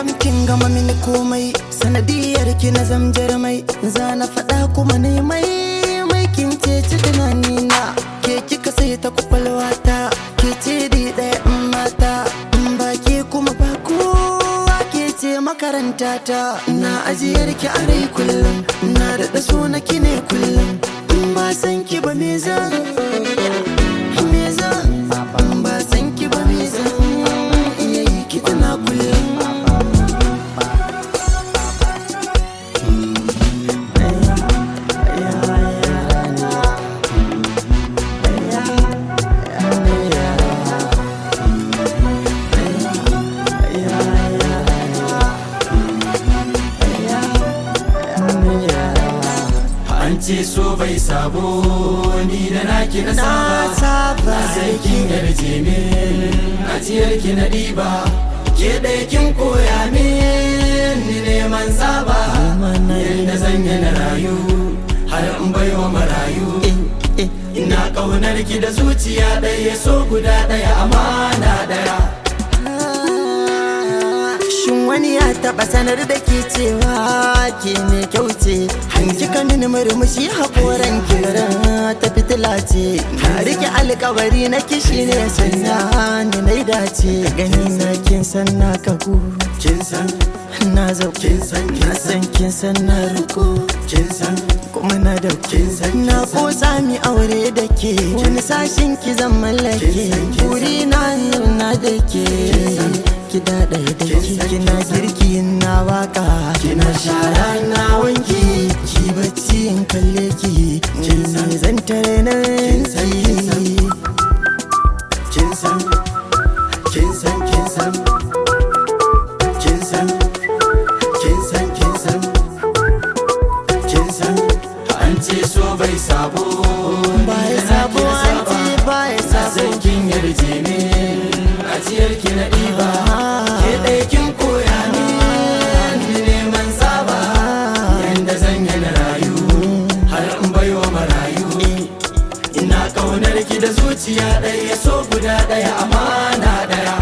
kam kinga gama mini komai sanadiyar ki na zamjar mai za na faɗa kuma ne mai mai kin ce ci tunani na ke kika sai ta kwakwalwa ta ke ce di ɗaya in mata in ba ke kuma ba kowa ke ce makaranta ta na ajiyar ki a rai kullum na da so na ki ne kullum in ba san ki ba me zan an ce so bai sabo ni da naki na saba sai kin yarje a ajiyar ki na diba ke ɗaya kin koya min ni neman saba yadda zan yi na rayu har in bai marayu ina ƙaunar ki da zuciya ɗaya so guda ɗaya amana ɗaya shin wani ya taɓa sanar da ke cewa ke mai kyauce mini murmushi haƙoran kira ta fitila ce na rike alƙawari na kishi ne sanya ni na dace gani na kin san na kaku kin san na zau kin san san kin san na ruku kin san kuma na da kin san na ko sami aure da ke wani sashin ki zan mallake buri na yau na da ke ki da ɗaya da ki kina girki na waka kina shara na wanki ki bacci in kalle ki kin san zan tare na kin san kin san kin san kin san kin san kin san kin san kin san kin san an ce so bai sabo bai sabo an ce bai sabo kin yarje ni na ƙaunar ki da zuciya ɗaya so guda ɗaya amana ɗaya